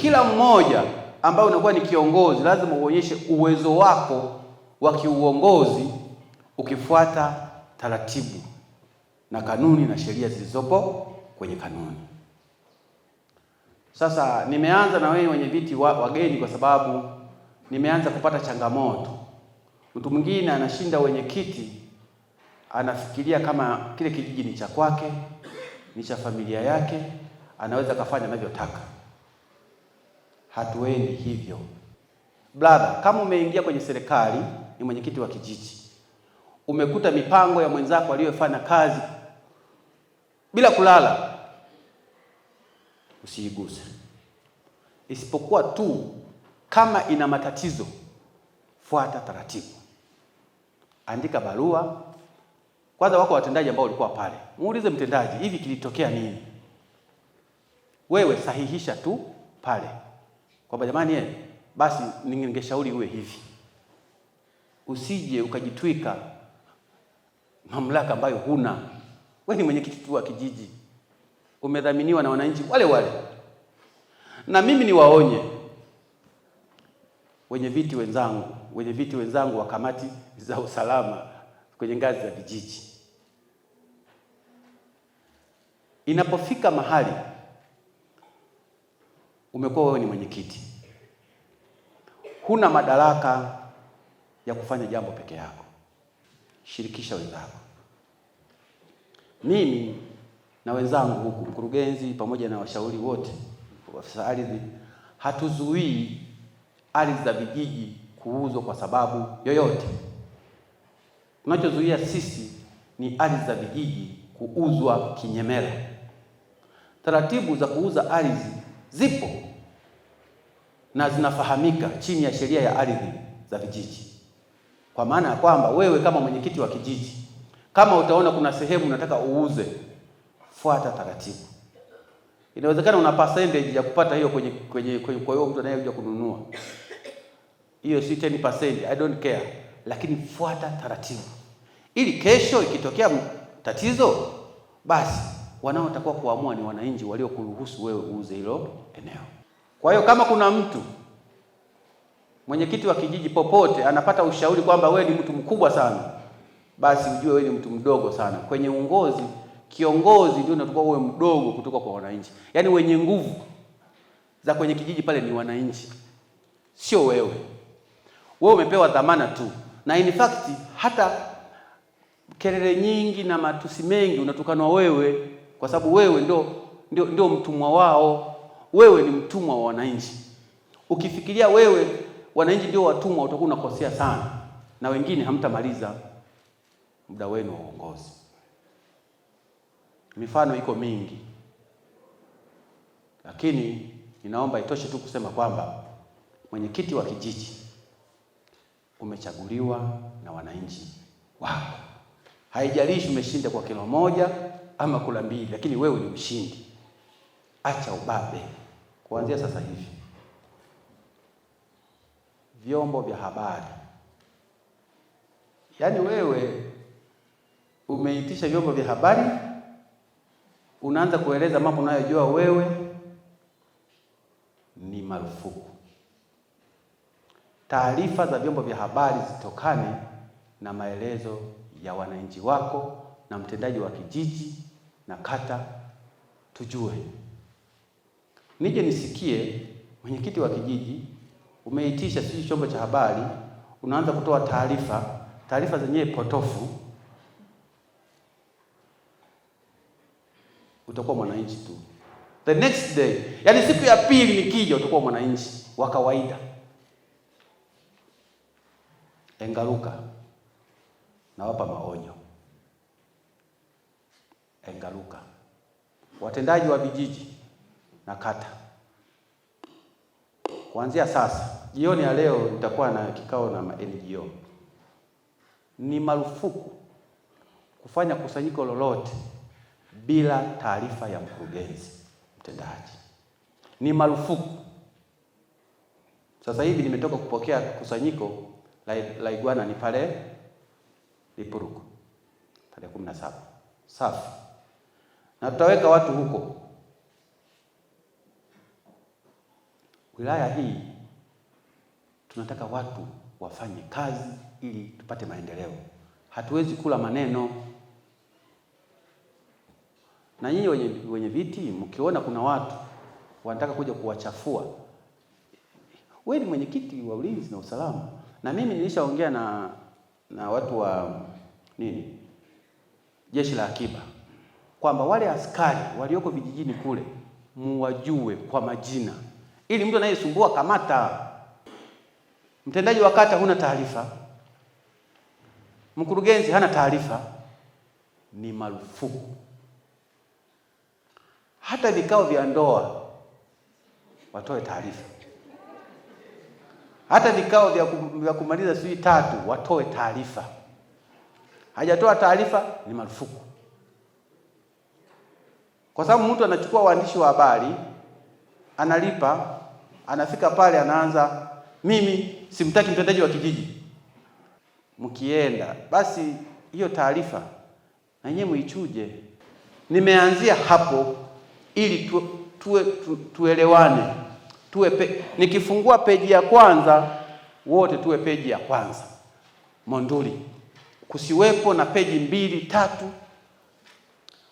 Kila mmoja ambaye unakuwa ni kiongozi lazima uonyeshe uwezo wako wa kiuongozi ukifuata taratibu na kanuni na sheria zilizopo kwenye kanuni. Sasa nimeanza na wewe wenye viti wa, wageni kwa sababu nimeanza kupata changamoto. Mtu mwingine anashinda wenye kiti, anafikiria kama kile kijiji ni cha kwake, ni cha familia yake, anaweza akafanya anavyotaka hatuendi hivyo. Brother, kama umeingia kwenye serikali, ni mwenyekiti wa kijiji, umekuta mipango ya mwenzako aliyofanya kazi bila kulala, usiiguse, isipokuwa tu kama ina matatizo, fuata taratibu, andika barua kwanza. Wako watendaji ambao walikuwa pale, muulize mtendaji, hivi kilitokea nini? Wewe sahihisha tu pale kwamba jamani, eh, basi ningeshauri uwe hivi, usije ukajitwika mamlaka ambayo huna. Wewe ni mwenyekiti tu wa kijiji, umedhaminiwa na wananchi wale wale. Na mimi niwaonye wenye viti wenzangu, wenye viti wenzangu wa kamati za usalama kwenye ngazi za vijiji, inapofika mahali umekuwa wewe ni mwenyekiti, huna madaraka ya kufanya jambo peke yako, shirikisha wenzako. Mimi na wenzangu huku, mkurugenzi pamoja na washauri wote, afisa ardhi, hatuzuii ardhi za vijiji kuuzwa kwa sababu yoyote. Tunachozuia sisi ni ardhi za vijiji kuuzwa kinyemela. Taratibu za kuuza ardhi zipo na zinafahamika chini ya sheria ya ardhi za vijiji, kwa maana ya kwamba wewe kama mwenyekiti wa kijiji, kama utaona kuna sehemu unataka uuze, fuata taratibu. Inawezekana una percentage ya kupata hiyo kwenye kwenye kwa hiyo mtu anayekuja kununua hiyo, si 10%, I don't care, lakini fuata taratibu ili kesho ikitokea tatizo basi wanaotakiwa kuamua ni wananchi waliokuruhusu wewe uuze hilo eneo. Kwa hiyo kama kuna mtu mwenyekiti wa kijiji popote anapata ushauri kwamba wewe ni mtu mkubwa sana, basi ujue wewe ni mtu mdogo sana kwenye uongozi. Kiongozi ndio unatakiwa uwe mdogo kutoka kwa wananchi, yaani wenye nguvu za kwenye kijiji pale ni wananchi, sio wewe. Wewe umepewa dhamana tu, na in fact hata kelele nyingi na matusi mengi unatukanwa wewe kwa sababu wewe ndio, ndio, ndio mtumwa wao. Wewe ni mtumwa wa wananchi. Ukifikiria wewe wananchi ndio watumwa, utakuwa unakosea sana, na wengine hamtamaliza muda wenu wa uongozi. Mifano iko mingi, lakini ninaomba itoshe tu kusema kwamba mwenyekiti wa kijiji umechaguliwa na wananchi wako, haijalishi umeshinda kwa kilo moja ama kula mbili, lakini wewe ni mshindi. Acha ubabe kuanzia sasa hivi. Vyombo vya habari, yaani wewe umeitisha vyombo vya habari, unaanza kueleza mambo unayojua wewe, ni marufuku. Taarifa za vyombo vya habari zitokane na maelezo ya wananchi wako na mtendaji wa kijiji na kata tujue. Nije nisikie mwenyekiti wa kijiji umeitisha sisi chombo cha habari, unaanza kutoa taarifa, taarifa zenyewe potofu, utakuwa mwananchi tu. The next day, yani siku ya pili nikija, utakuwa mwananchi wa kawaida. Engaruka, nawapa maonyo. Engaruka, watendaji wa vijiji na kata, kuanzia sasa jioni ya leo nitakuwa na kikao na NGO. Ni marufuku kufanya kusanyiko lolote bila taarifa ya mkurugenzi mtendaji, ni marufuku. Sasa hivi nimetoka kupokea kusanyiko la, la Igwana ni pale Lipuruko tarehe 17 safi na tutaweka watu huko. Wilaya hii tunataka watu wafanye kazi ili tupate maendeleo. Hatuwezi kula maneno. Na nyinyi wenye, wenye viti mkiona kuna watu wanataka kuja kuwachafua, wewe ni mwenyekiti wa ulinzi na usalama, na mimi nilishaongea na na watu wa nini, jeshi la akiba kwamba wale askari walioko vijijini kule muwajue kwa majina, ili mtu anayesumbua kamata. Mtendaji wa kata huna taarifa, mkurugenzi hana taarifa, ni marufuku. Hata vikao vya ndoa watoe taarifa, hata vikao vya kumaliza sijui tatu watoe taarifa. Hajatoa taarifa, ni marufuku kwa sababu mtu anachukua waandishi wa habari analipa, anafika pale anaanza, mimi simtaki mtendaji wa kijiji. Mkienda basi hiyo taarifa na yeye muichuje. Nimeanzia hapo ili tu, tuwe tu, tuelewane tuwe pe, nikifungua peji ya kwanza wote tuwe peji ya kwanza Monduli, kusiwepo na peji mbili tatu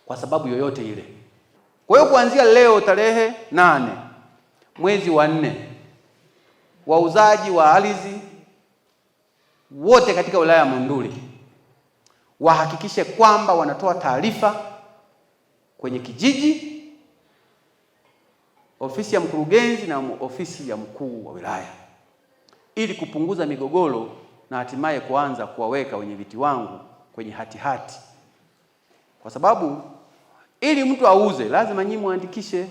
kwa sababu yoyote ile. Kwa hiyo kuanzia leo tarehe nane mwezi wa nne, wauzaji wa ardhi wote katika wilaya ya Monduli wahakikishe kwamba wanatoa taarifa kwenye kijiji, ofisi ya mkurugenzi na ofisi ya mkuu wa wilaya, ili kupunguza migogoro na hatimaye kuanza kuwaweka wenye viti wangu kwenye hatihati hati. kwa sababu ili mtu auze lazima nyinyi muandikishe,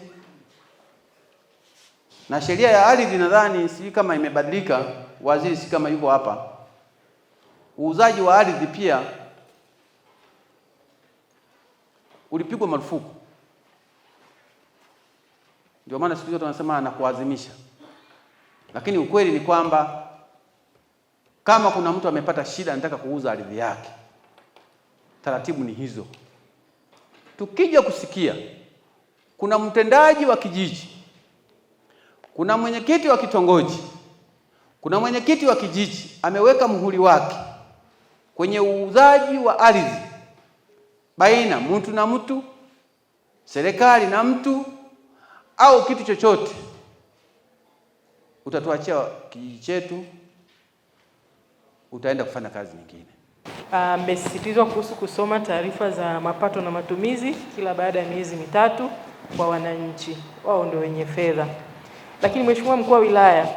na sheria ya ardhi nadhani, sijui kama imebadilika, waziri si kama yuko hapa. Uuzaji wa ardhi pia ulipigwa marufuku, ndio maana siku zote wanasema anakuazimisha, lakini ukweli ni kwamba kama kuna mtu amepata shida, anataka kuuza ardhi yake, taratibu ni hizo tukija kusikia kuna mtendaji wa kijiji, kuna mwenyekiti wa kitongoji, kuna mwenyekiti wa kijiji ameweka muhuri wake kwenye uuzaji wa ardhi baina mtu na mtu, serikali na mtu, au kitu chochote, utatuachia kijiji chetu, utaenda kufanya kazi nyingine. Amesisitizwa kuhusu kusoma taarifa za mapato na matumizi kila baada ya miezi mitatu kwa wananchi, wao ndio wenye fedha. Lakini Mheshimiwa mkuu wa wilaya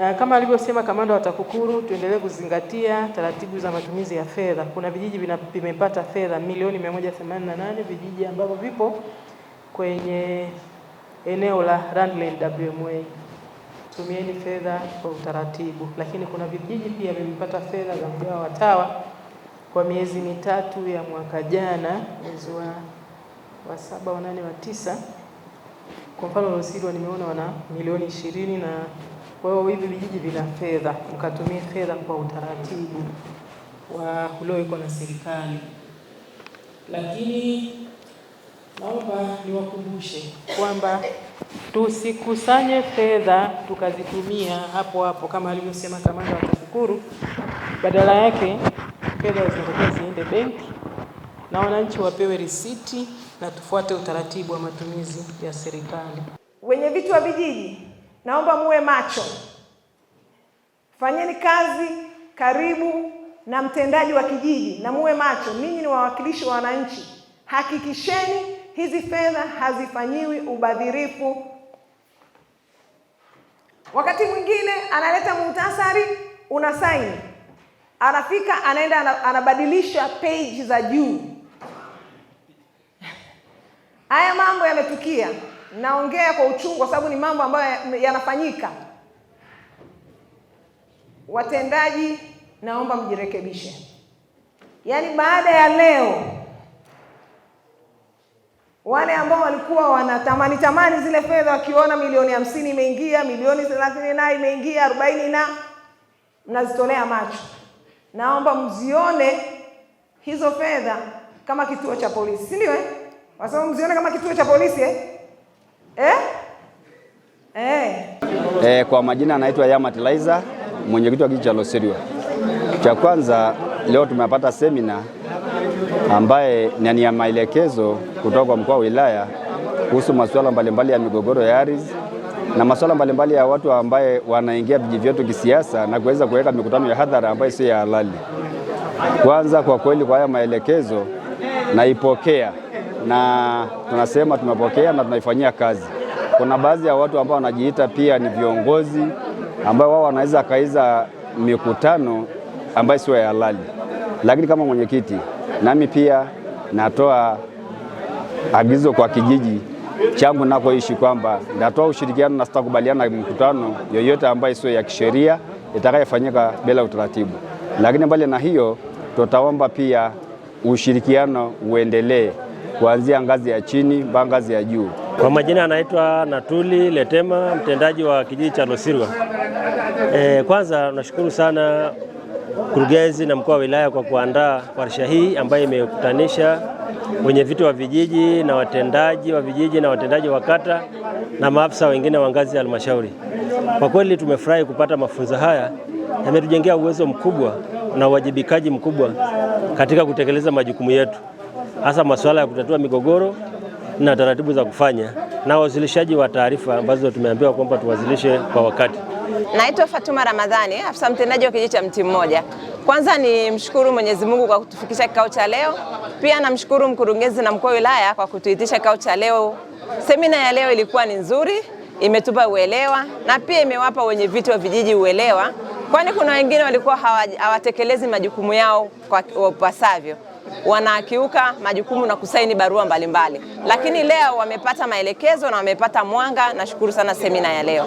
eh, kama alivyosema kamanda wa TAKUKURU, tuendelee kuzingatia taratibu za matumizi ya fedha. Kuna vijiji vimepata fedha milioni 188 vijiji ambavyo vipo kwenye eneo la Randland WMA tumieni fedha kwa utaratibu. Lakini kuna vijiji pia vimepata fedha za mgao wa TAWA kwa miezi mitatu ya mwaka jana, mwezi wa saba, wa nane, wa tisa. Kwa mfano Losirwa nimeona wana milioni ishirini na kwa hiyo hivi vijiji vina fedha, mkatumie fedha kwa utaratibu wa uliowekwa na serikali. Lakini naomba niwakumbushe kwamba tusikusanye fedha tukazitumia hapo hapo kama alivyosema kamanda wa TAKUKURU. Badala yake fedha zinatakiwa ziende benki na wananchi wapewe risiti na tufuate utaratibu wa matumizi ya serikali. Wenye viti wa vijiji, naomba muwe macho, fanyeni kazi karibu na mtendaji wa kijiji na muwe macho. Ninyi ni wawakilishi wa wananchi, hakikisheni hizi fedha hazifanyiwi ubadhirifu. Wakati mwingine analeta muhtasari, una saini, anafika anaenda anabadilisha page za juu. Haya mambo yametukia, naongea kwa uchungu kwa sababu ni mambo ambayo yanafanyika. Watendaji, naomba mjirekebishe, yaani baada ya leo wale ambao walikuwa wanatamani tamani zile fedha, wakiona milioni hamsini imeingia, milioni thelathini na imeingia, arobaini na mnazitolea macho. Naomba mzione hizo fedha kama kituo cha polisi, si ndio eh? Kwa sababu mzione kama kituo cha polisi eh? Eh? Eh. Eh, kwa majina anaitwa Yamat Laiza, mwenyekiti wa kijiji cha Loserio. Cha kwanza leo tumepata semina ambaye ni ya maelekezo kutoka kwa mkuu wa wilaya kuhusu masuala mbalimbali ya migogoro ya ardhi na masuala mbalimbali ya watu ambaye wanaingia vijiji vyetu kisiasa na kuweza kuweka mikutano ya hadhara ambayo sio ya halali. Kwanza kwa kweli, kwa haya maelekezo naipokea na tunasema tumepokea na tunaifanyia kazi. Kuna baadhi ya watu ambao wanajiita pia ni viongozi ambao wao wanaweza kaiza mikutano ambayo sio ya halali. Lakini kama mwenyekiti, nami pia natoa agizo kwa kijiji changu nakoishi kwamba ndatoa ushirikiano na sitakubaliana na mkutano yoyote ambayo sio ya kisheria itakayofanyika bila utaratibu. Lakini mbali na hiyo, tutaomba pia ushirikiano uendelee kuanzia ngazi ya chini mpaka ngazi ya juu. Kwa majina anaitwa Natuli Letema, mtendaji wa kijiji cha Losirwa. E, eh, kwanza nashukuru sana mkurugenzi na mkuu wa wilaya kwa kuandaa warsha hii ambayo imekutanisha wenye vitu wa vijiji na watendaji wa vijiji na watendaji wa kata na maafisa wengine wa ngazi ya halmashauri. Kwa kweli tumefurahi kupata mafunzo haya, yametujengea uwezo mkubwa na uwajibikaji mkubwa katika kutekeleza majukumu yetu, hasa masuala ya kutatua migogoro na taratibu za kufanya na wawasilishaji wa taarifa ambazo tumeambiwa kwamba tuwasilishe kwa wakati. Naitwa Fatuma Ramadhani, afisa mtendaji wa kijiji cha Mti Mmoja. Kwanza ni mshukuru Mwenyezi Mungu kwa kutufikisha kikao cha leo. Pia namshukuru mkurugenzi na mkuu wa wilaya kwa kutuitisha kikao cha leo. Semina ya leo ilikuwa ni nzuri, imetupa uelewa na pia imewapa wenye viti wa vijiji uelewa, kwani kuna wengine walikuwa hawatekelezi majukumu yao kwa upasavyo wanakiuka majukumu na kusaini barua mbalimbali mbali. Lakini leo wamepata maelekezo na wamepata mwanga. Nashukuru sana semina ya leo.